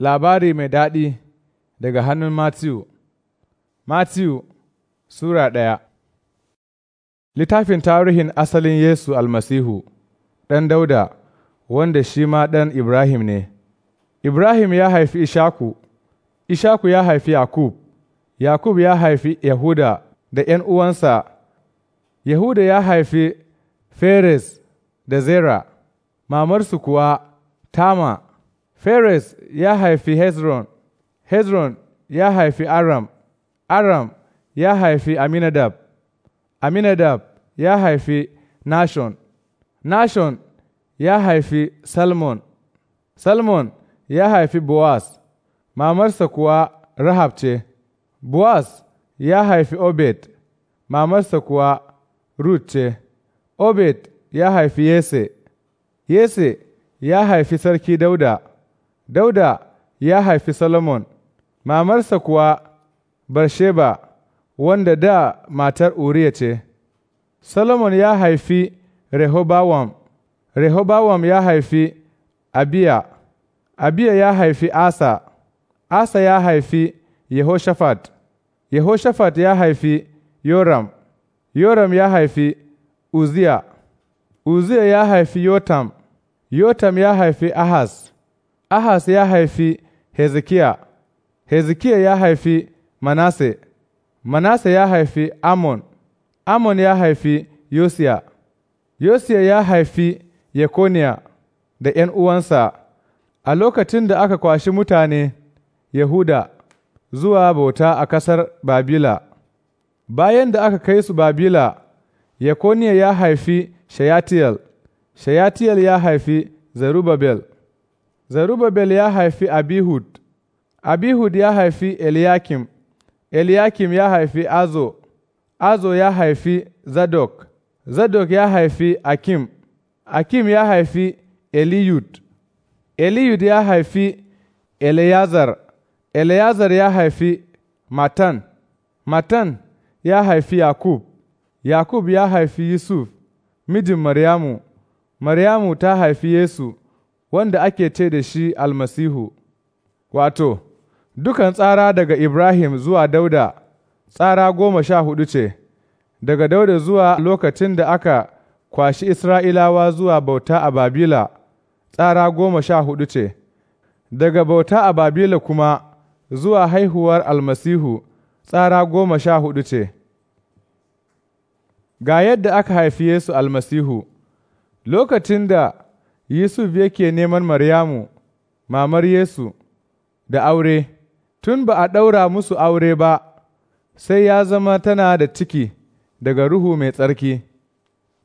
Labari mai daɗi daga hannun Matiyu Matiyu Sura ɗaya Littafin tarihin asalin Yesu almasihu, ɗan Dauda, wanda shi ma ɗan Ibrahim ne. Ibrahim ya haifi Ishaku, Ishaku ya haifi Yakub, Yakub ya haifi Yahuda da ’yan uwansa, Yahuda ya haifi Feres da Zera, mamarsu kuwa Tama. Feres ya haifi Hezron, Hezron ya haifi Aram, Aram ya haifi Aminadab, Aminadab ya haifi Nashon, Nashon ya haifi Salmon, Salmon ya haifi Boaz, mamarsa kuwa Rahab ce, Boaz ya haifi Obed, mamarsa kuwa Ruth ce, Obed ya haifi Yese, Yese ya haifi Sarki Dauda. Dauda ya haifi Solomon, mamarsa kuwa Barsheba, wanda da matar Uriya ce. Solomon ya haifi Rehobawam, Rehobawam ya haifi Abiya, Abiya ya haifi Asa, Asa ya haifi Yehoshaphat, Yehoshaphat ya haifi Yoram, Yoram ya haifi Uziya, Uziya ya haifi Yotam, Yotam ya haifi Ahaz, ahas ya haifi Hezekiya, Hezekiya ya haifi Manase, Manase ya haifi Amon, Amon ya haifi Yosiya, Yosiya ya haifi Yekoniya da ’yan uwansa a lokacin da aka kwashi mutane Yahuda zuwa bauta a ƙasar Babila. Bayan da aka kai su Babila, Yekoniya ya haifi shayatiyal shayatiyal ya haifi Zerubabel. Zerubbabel ya haifi Abihud, Abihud ya haifi Eliyakim, Eliyakim ya haifi Azo, Azo ya haifi Zadok, Zadok ya haifi Akim, Akim ya haifi Eliyud, Eliyud ya haifi Eleazar. Eleazar ya haifi Matan, Matan ya haifi Yakub, Yakub ya haifi Yusuf, mijin Maryamu, Maryamu ta haifi Yesu. wanda ake ce da shi almasihu, wato, dukan tsara daga Ibrahim zuwa Dauda, tsara goma sha hudu ce, daga Dauda zuwa lokacin da aka kwashi Isra'ilawa zuwa bauta a Babila, tsara goma sha hudu ce, daga bauta a Babila kuma zuwa haihuwar almasihu, tsara goma sha hudu ce. Ga yadda aka haifi Yesu almasihu, lokacin da Yusuf yake neman Maryamu, mamar Yesu, da aure, tun ba a ɗaura musu aure ba, sai ya zama tana da ciki daga Ruhu mai tsarki.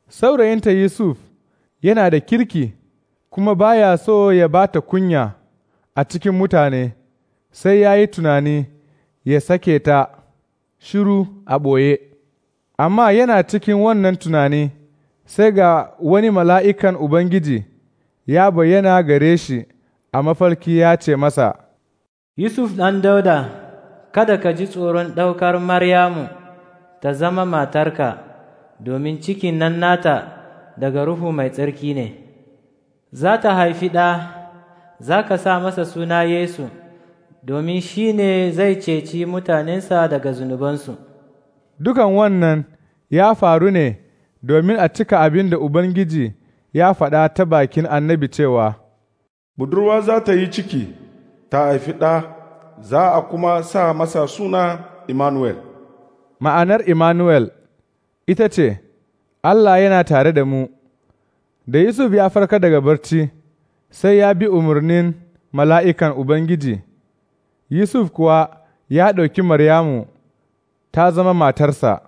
Saurayinta Yusuf yana da kirki, kuma baya so ya ba ta kunya a cikin mutane, sai ya yi tunani ya sake ta shiru a ɓoye. Amma yana cikin wannan tunani, sai ga wani mala'ikan Ubangiji. ya bayyana gare shi a mafarki ya ce masa, Yusuf ɗan dauda, kada ka ji tsoron ɗaukar Maryamu ta zama matarka, domin cikin nan nata daga Ruhu mai tsarki ne. Za ta haifi ɗa, za ka sa masa suna Yesu, domin shi ne zai ceci mutanensa daga zunubansu. Dukan wannan ya faru ne domin a cika abin da Ubangiji ya faɗa ta bakin annabi cewa, Budurwa za ta yi ciki, ta haifi ɗa, za a kuma sa masa suna Immanuel. Ma'anar Immanuel ita ce, Allah yana tare da mu, da Yusuf ya farka daga barci, sai ya bi umarnin mala'ikan Ubangiji, Yusuf kuwa ya ɗauki Maryamu ta zama matarsa,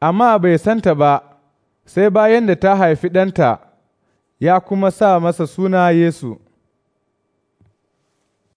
amma bai santa ba, sai bayan da ta haifi ɗanta. ya kuma sa masa suna Yesu.